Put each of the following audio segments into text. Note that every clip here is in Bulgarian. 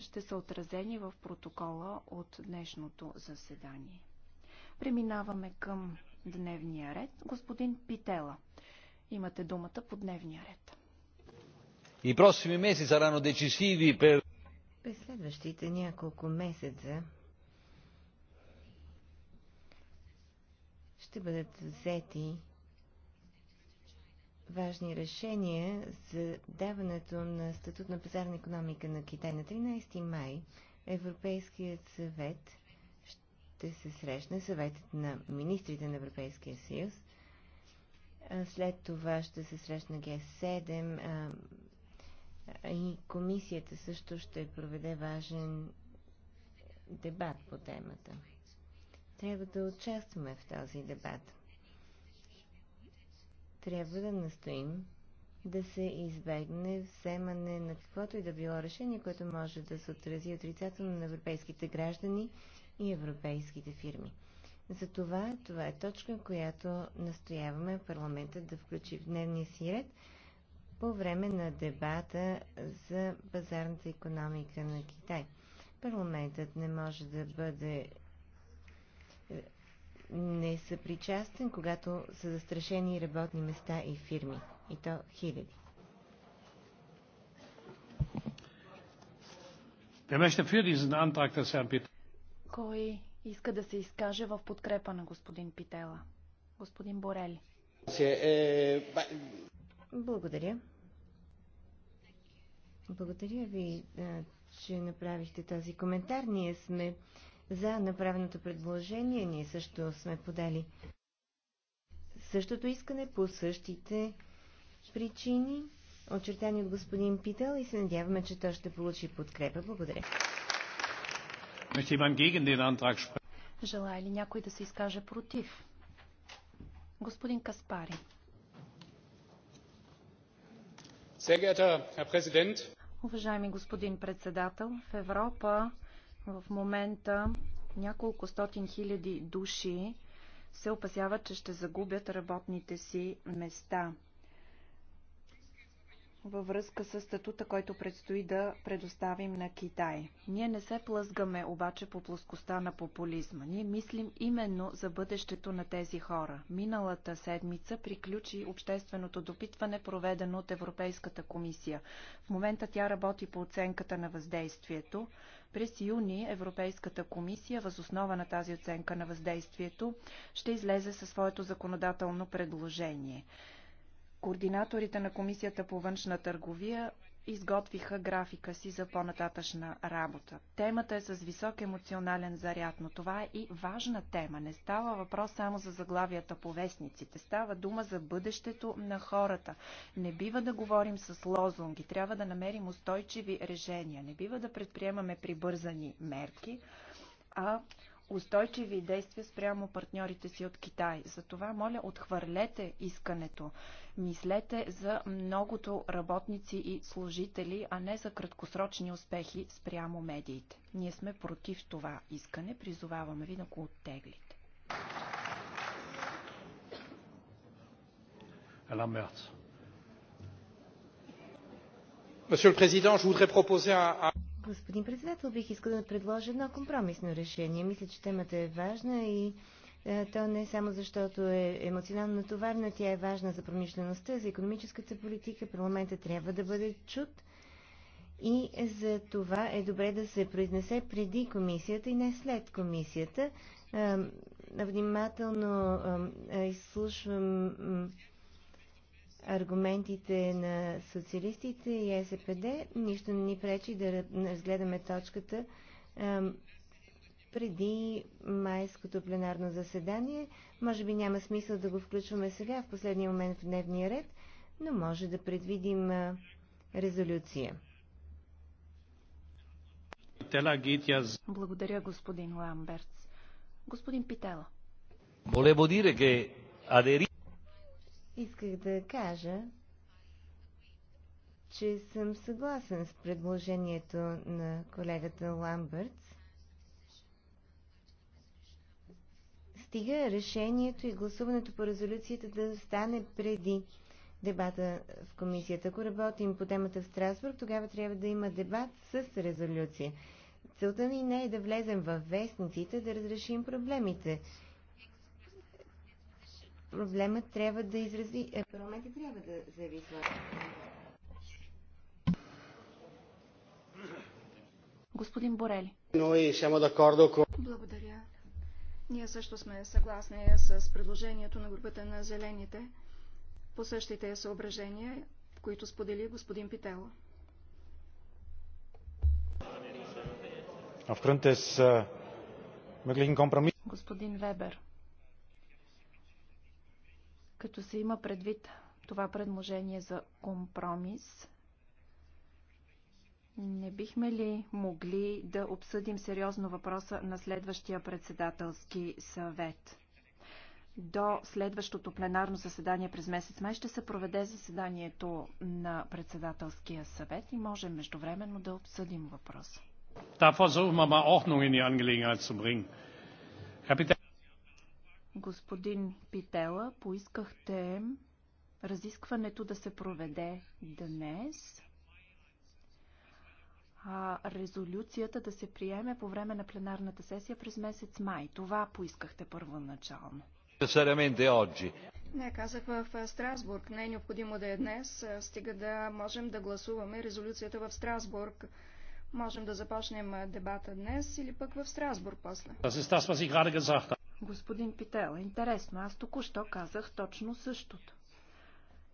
ще са отразени в протокола от днешното заседание. Преминаваме към дневния ред. Господин Питела, имате думата по дневния ред. И просими месец рано decisivi per... През следващите няколко месеца ще бъдат взети важни решения за даването на статут на пазарна економика на Китай. На 13 май Европейският съвет ще се срещне, съветът на министрите на Европейския съюз. След това ще се срещна Г7 и комисията също ще проведе важен дебат по темата. Трябва да участваме в този дебат трябва да настоим да се избегне вземане на каквото и да било решение, което може да се отрази отрицателно на европейските граждани и европейските фирми. Затова това е точка, която настояваме парламента да включи в дневния си ред по време на дебата за пазарната економика на Китай. Парламентът не може да бъде не са причастен, когато са застрашени работни места и фирми. И то хиляди. Кой иска да се изкаже в подкрепа на господин Питела? Господин Борели. Благодаря. Благодаря ви, че направихте този коментар. Ние сме за направеното предложение. Ние също сме подали същото искане по същите причини, очертани от господин Питал и се надяваме, че той ще получи подкрепа. Благодаря. Желая ли някой да се изкаже против? Господин Каспари. Уважаеми господин председател, в Европа в момента няколко стотин хиляди души се опасяват, че ще загубят работните си места във връзка с статута, който предстои да предоставим на Китай. Ние не се плъзгаме обаче по плоскостта на популизма. Ние мислим именно за бъдещето на тези хора. Миналата седмица приключи общественото допитване, проведено от Европейската комисия. В момента тя работи по оценката на въздействието. През юни Европейската комисия, възоснова на тази оценка на въздействието, ще излезе със своето законодателно предложение. Координаторите на Комисията по външна търговия изготвиха графика си за по-нататъчна работа. Темата е с висок емоционален заряд, но това е и важна тема. Не става въпрос само за заглавията по вестниците. Става дума за бъдещето на хората. Не бива да говорим с лозунги. Трябва да намерим устойчиви решения. Не бива да предприемаме прибързани мерки, а устойчиви действия спрямо партньорите си от Китай. Затова, моля, отхвърлете искането. Мислете за многото работници и служители, а не за краткосрочни успехи спрямо медиите. Ние сме против това искане. Призоваваме ви да го оттеглите. Monsieur le Président, je voudrais proposer un Господин председател, бих искал да предложа едно компромисно решение. Мисля, че темата е важна и е, то не само защото е емоционално натоварна, тя е важна за промишлеността, за економическата политика. Парламента трябва да бъде чут и за това е добре да се произнесе преди комисията и не след комисията. Е, внимателно е, изслушвам. Е, аргументите на социалистите и СПД, нищо не ни пречи да разгледаме точката преди майското пленарно заседание. Може би няма смисъл да го включваме сега, в последния момент в дневния ред, но може да предвидим резолюция. Благодаря, господин Ламберц. Господин Питела. Volevo dire che aderire Исках да кажа, че съм съгласен с предложението на колегата Ламбъртс. Стига решението и гласуването по резолюцията да стане преди дебата в комисията. Ако работим по темата в Страсбург, тогава трябва да има дебат с резолюция. Целта ни не е да влезем в вестниците, да разрешим проблемите проблемът трябва да изрази... Е, парламентът трябва да заяви своята. Господин Борели. Благодаря. Ние също сме съгласни с предложението на групата на зелените по същите съображения, които сподели господин Питело. Господин Вебер, като се има предвид това предложение за компромис, не бихме ли могли да обсъдим сериозно въпроса на следващия председателски съвет? До следващото пленарно заседание през месец май ще се проведе заседанието на председателския съвет и можем междувременно да обсъдим въпроса. Da Господин Питела, поискахте разискването да се проведе днес, а резолюцията да се приеме по време на пленарната сесия през месец май. Това поискахте първоначално. Не, казах в Страсбург. Не е необходимо да е днес, стига да можем да гласуваме резолюцията в Страсбург. Можем да започнем дебата днес или пък в Страсбург после. Господин Пител, интересно, аз току-що казах точно същото.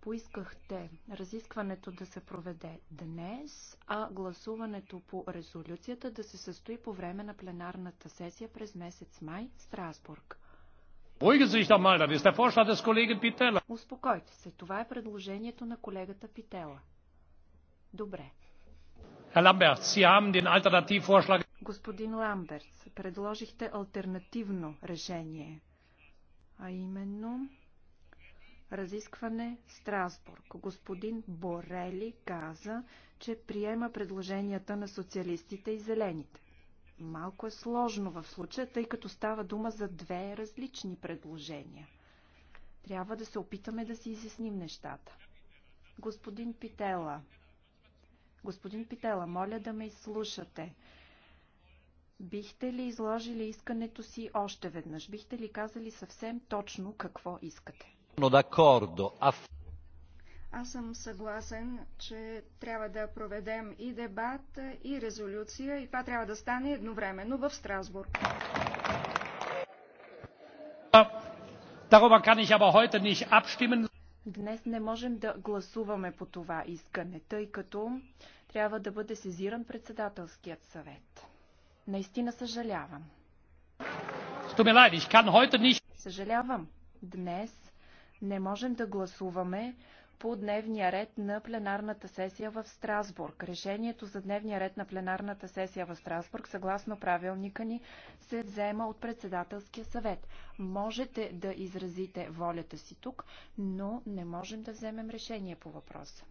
Поискахте разискването да се проведе днес, а гласуването по резолюцията да се състои по време на пленарната сесия през месец май в Страсбург. Успокойте се, това е предложението на колегата Питела. Добре. Herr Lambert, Sie haben den Alternativvorschlag. Господин Ламберт, предложихте альтернативно решение, а именно разискване в Страсбург. Господин Борели каза, че приема предложенията на социалистите и зелените. Малко е сложно в случая, тъй като става дума за две различни предложения. Трябва да се опитаме да си изясним нещата. Господин Питела, господин Питела, моля да ме изслушате. Бихте ли изложили искането си още веднъж? Бихте ли казали съвсем точно какво искате? Аз съм съгласен, че трябва да проведем и дебат, и резолюция, и това трябва да стане едновременно в Страсбург. Днес не можем да гласуваме по това искане, тъй като трябва да бъде сезиран председателският съвет. Наистина съжалявам. Съжалявам. Днес не можем да гласуваме по дневния ред на пленарната сесия в Страсбург. Решението за дневния ред на пленарната сесия в Страсбург, съгласно правилника ни, се взема от председателския съвет. Можете да изразите волята си тук, но не можем да вземем решение по въпроса.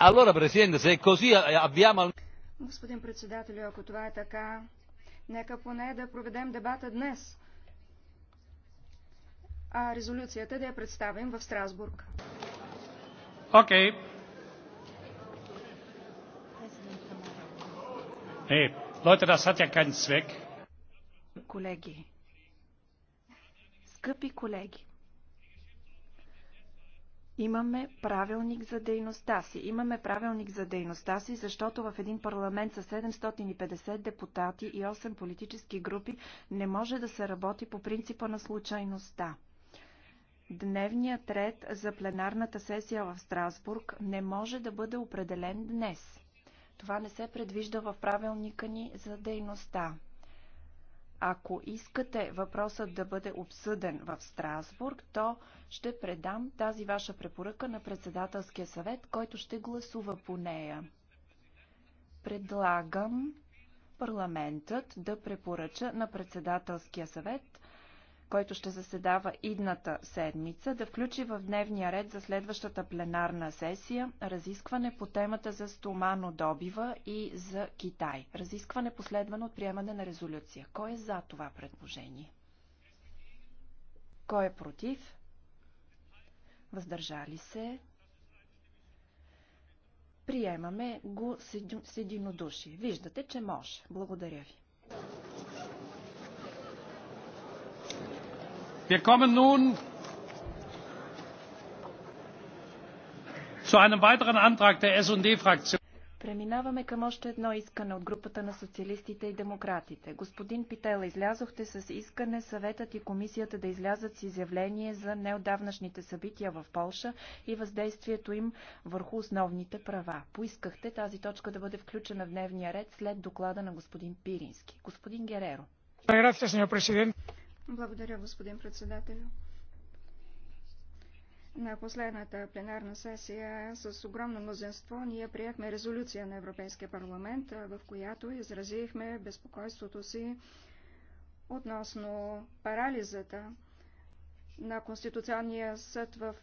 Allora, Presidente, se è così, eh, abbiamo... Господин председател, ако това е така, нека поне да проведем дебата днес, а резолюцията да я представим в Страсбург. Окей. Okay. Е, Лойте, да das hat ja keinen Колеги, скъпи колеги, Имаме правилник за дейността си. Имаме правилник за дейността си, защото в един парламент с 750 депутати и 8 политически групи не може да се работи по принципа на случайността. Дневният ред за пленарната сесия в Страсбург не може да бъде определен днес. Това не се предвижда в правилника ни за дейността. Ако искате въпросът да бъде обсъден в Страсбург, то ще предам тази ваша препоръка на председателския съвет, който ще гласува по нея. Предлагам парламентът да препоръча на председателския съвет който ще заседава идната седмица, да включи в дневния ред за следващата пленарна сесия разискване по темата за стомано добива и за Китай. Разискване последвано от приемане на резолюция. Кой е за това предложение? Кой е против? Въздържали се? Приемаме го с единодушие. Виждате, че може. Благодаря ви wir kommen nun zu einem weiteren antrag der sd fraktion. Преминаваме към още едно искане от групата на социалистите и демократите. Господин Питела, излязохте с искане съветът и комисията да излязат с изявление за неодавнашните събития в Полша и въздействието им върху основните права. Поискахте тази точка да бъде включена в дневния ред след доклада на господин Пирински. Господин Гереро. Благодаря, господин председател. На последната пленарна сесия с огромно мнозинство ние приехме резолюция на Европейския парламент, в която изразихме безпокойството си относно парализата на Конституционния съд в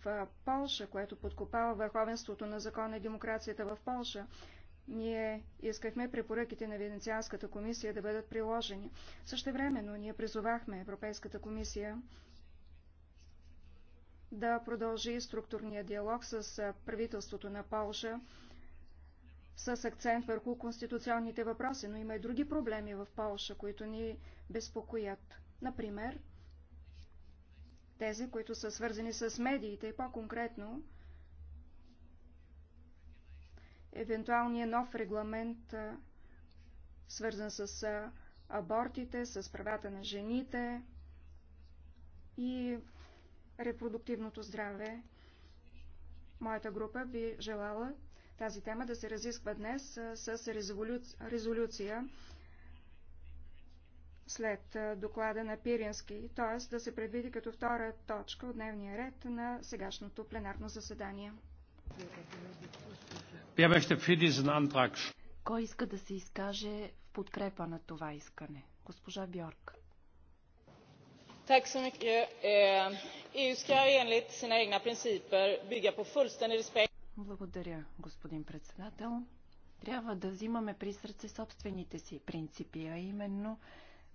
Полша, което подкопава върховенството на закона и демокрацията в Полша. Ние искахме препоръките на Венецианската комисия да бъдат приложени. Същевременно ние призовахме Европейската комисия да продължи структурния диалог с правителството на Полша с акцент върху конституционните въпроси, но има и други проблеми в Полша, които ни безпокоят. Например, тези, които са свързани с медиите и по-конкретно евентуалния нов регламент, свързан с абортите, с правата на жените и репродуктивното здраве. Моята група би желала тази тема да се разисква днес с резолю... резолюция след доклада на Пирински, т.е. да се предвиди като втора точка от дневния ред на сегашното пленарно заседание. Кой иска да се изкаже в подкрепа на това искане? Госпожа Бьорк. Eh, e Благодаря, господин председател. Трябва да взимаме при сърце собствените си принципи, а именно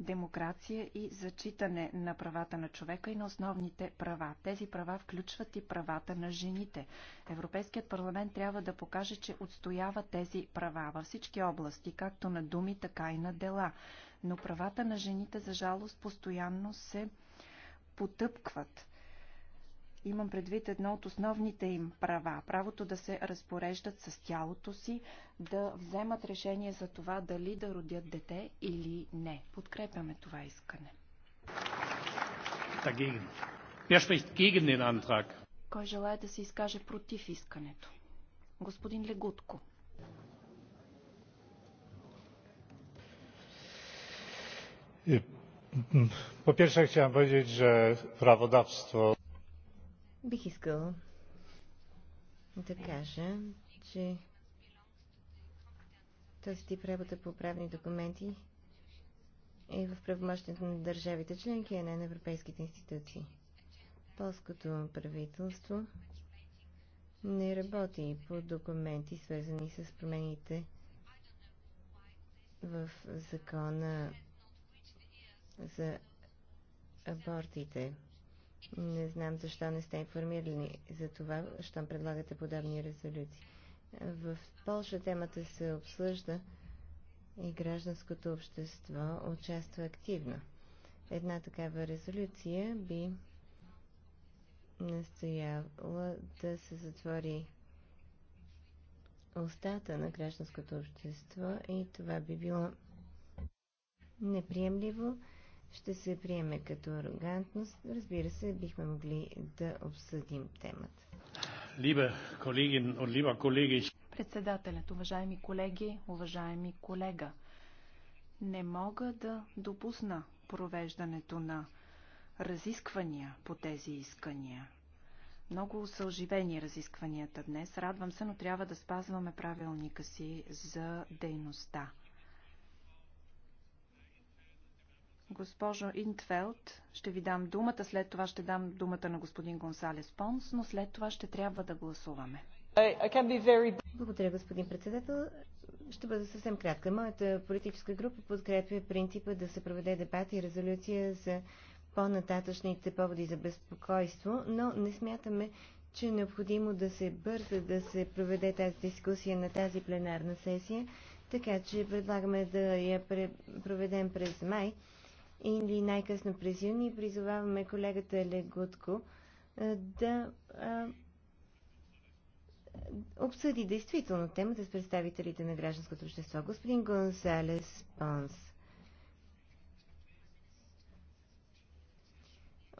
демокрация и зачитане на правата на човека и на основните права. Тези права включват и правата на жените. Европейският парламент трябва да покаже, че отстоява тези права във всички области, както на думи, така и на дела. Но правата на жените, за жалост, постоянно се потъпкват. Имам предвид едно от основните им права. Правото да се разпореждат с тялото си, да вземат решение за това дали да родят дете или не. Подкрепяме това искане. Кой желая да се изкаже против искането? Господин Легутко. Po pierwsze chciałem powiedzieć, że prawodawstwo Бих искал да кажа, че този тип работа по правни документи е в правомощите на държавите членки, а не на европейските институции. Полското правителство не работи по документи, свързани с промените в закона за абортите. Не знам защо не сте информирани за това, щом предлагате подобни резолюции. В Польша темата се обсъжда и гражданското общество участва активно. Една такава резолюция би настояла да се затвори устата на гражданското общество и това би било неприемливо ще се приеме като арогантност. Разбира се, бихме могли да обсъдим темата. Либе колеги, либа колеги. Председателят, уважаеми колеги, уважаеми колега, не мога да допусна провеждането на разисквания по тези искания. Много са оживени разискванията днес. Радвам се, но трябва да спазваме правилника си за дейността. Госпожо Интфелд, ще ви дам думата, след това ще дам думата на господин Гонсалес Понс, но след това ще трябва да гласуваме. Благодаря, господин председател. Ще бъда съвсем кратка. Моята политическа група подкрепя принципа да се проведе дебат и резолюция за по-нататъчните поводи за безпокойство, но не смятаме, че е необходимо да се бърза да се проведе тази дискусия на тази пленарна сесия, така че предлагаме да я проведем през май или най-късно през юни. Призоваваме колегата Легутко да а, обсъди действително темата с представителите на гражданското общество. Господин Гонсалес Понс.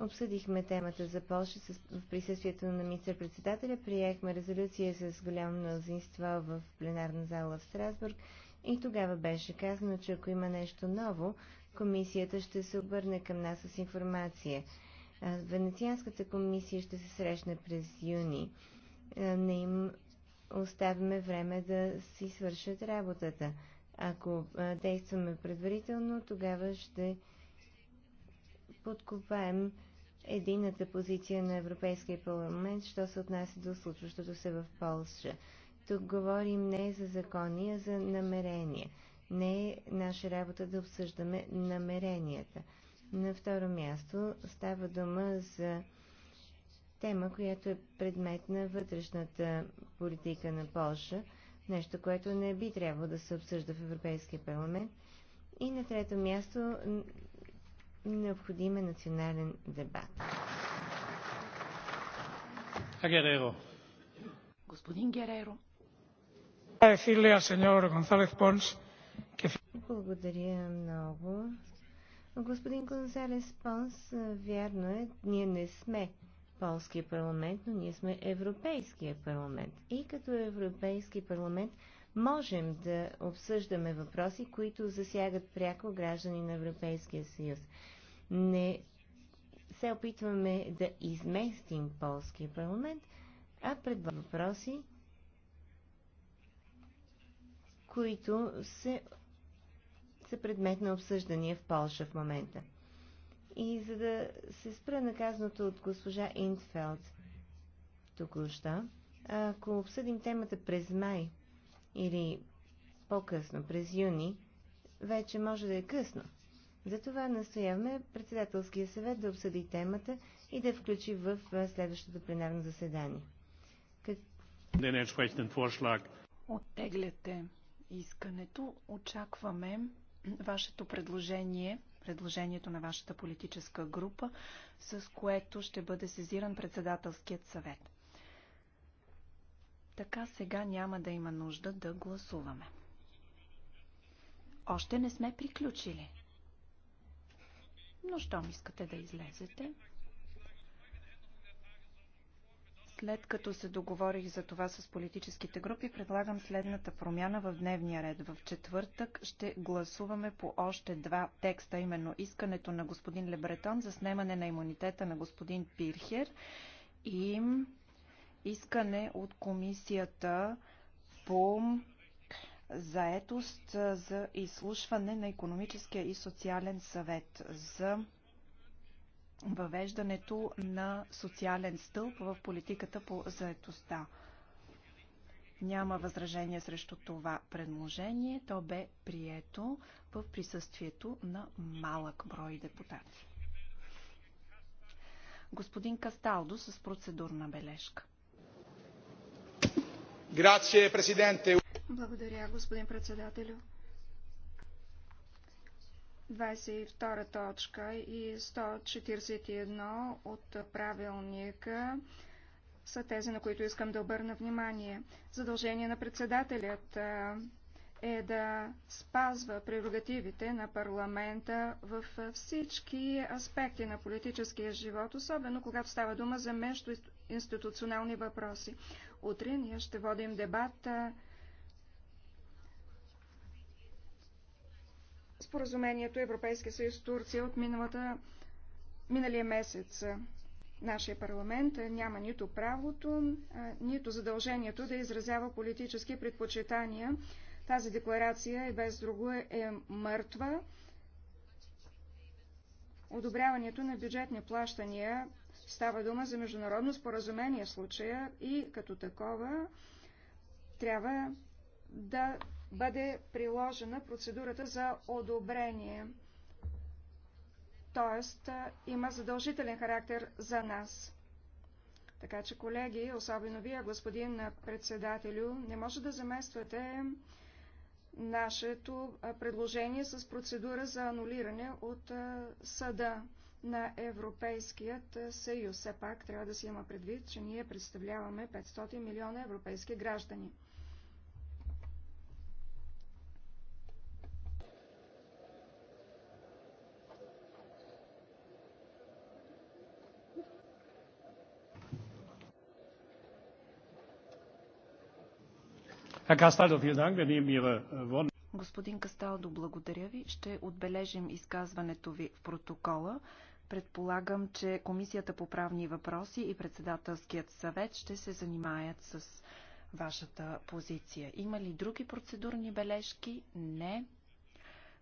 Обсъдихме темата за Польша с, в присъствието на министър-председателя, приехме резолюция с голямо мнозинство в пленарна зала в Страсбург и тогава беше казано, че ако има нещо ново, комисията ще се обърне към нас с информация. Венецианската комисия ще се срещне през юни. Не им оставяме време да си свършат работата. Ако действаме предварително, тогава ще подкопаем едината позиция на Европейския парламент, що се отнася до случващото се в Полша. Тук говорим не за закони, а за намерения. Не е наша работа да обсъждаме намеренията. На второ място става дума за тема, която е предмет на вътрешната политика на Польша, нещо, което не би трябвало да се обсъжда в Европейския парламент. И на трето място необходим е национален дебат. Гереро. Господин Гереро. Decirle al señor González Pons благодаря много. Господин Гонзалес Понс, вярно е, ние не сме полския парламент, но ние сме Европейския парламент. И като Европейски парламент можем да обсъждаме въпроси, които засягат пряко граждани на Европейския съюз. Не се опитваме да изместим полския парламент, а пред въпроси, които се са предмет на обсъждания в Польша в момента. И за да се спра наказаното от госпожа Инфелд току-що, ако обсъдим темата през май или по-късно, през юни, вече може да е късно. Затова настояваме председателския съвет да обсъди темата и да включи в следващото пленарно заседание. Как... Е, Оттегляте искането. Очакваме вашето предложение, предложението на вашата политическа група, с което ще бъде сезиран председателският съвет. Така сега няма да има нужда да гласуваме. Още не сме приключили. Но щом искате да излезете, След като се договорих за това с политическите групи, предлагам следната промяна в дневния ред. В четвъртък ще гласуваме по още два текста, именно искането на господин Лебретон за снемане на имунитета на господин Пирхер и искане от комисията по заетост за изслушване на економическия и социален съвет за въвеждането на социален стълб в политиката по заетостта. Няма възражение срещу това предложение. То бе прието в присъствието на малък брой депутати. Господин Касталдо с процедурна бележка. Благодаря, господин председателю. 22 точка и 141 от правилника са тези, на които искам да обърна внимание. Задължение на председателят е да спазва прерогативите на парламента в всички аспекти на политическия живот, особено когато става дума за междуинституционални въпроси. Утре ние ще водим дебат споразумението Европейския съюз Турция от миналата, миналия месец. Нашия парламент няма нито правото, нито задължението да изразява политически предпочитания. Тази декларация и без друго е, е мъртва. Одобряването на бюджетни плащания става дума за международно споразумение в случая и като такова трябва да бъде приложена процедурата за одобрение. Тоест, има задължителен характер за нас. Така че, колеги, особено вие, господин председателю, не може да замествате нашето предложение с процедура за анулиране от съда на Европейският съюз. Все пак трябва да се има предвид, че ние представляваме 500 милиона европейски граждани. Äh, Господин Касталдо, благодаря ви. Ще отбележим изказването ви в протокола. Предполагам, че Комисията по правни въпроси и Председателският съвет ще се занимаят с вашата позиция. Има ли други процедурни бележки? Не.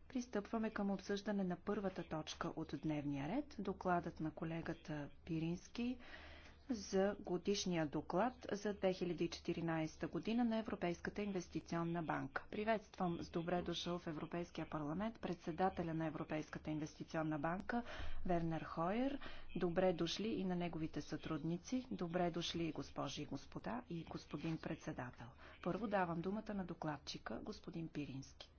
Пристъпваме към обсъждане на първата точка от дневния ред. Докладът на колегата Пирински за годишния доклад за 2014 година на Европейската инвестиционна банка. Приветствам с добре дошъл в Европейския парламент председателя на Европейската инвестиционна банка Вернер Хойер. Добре дошли и на неговите сътрудници. Добре дошли госпожи и господа и господин председател. Първо давам думата на докладчика господин Пирински.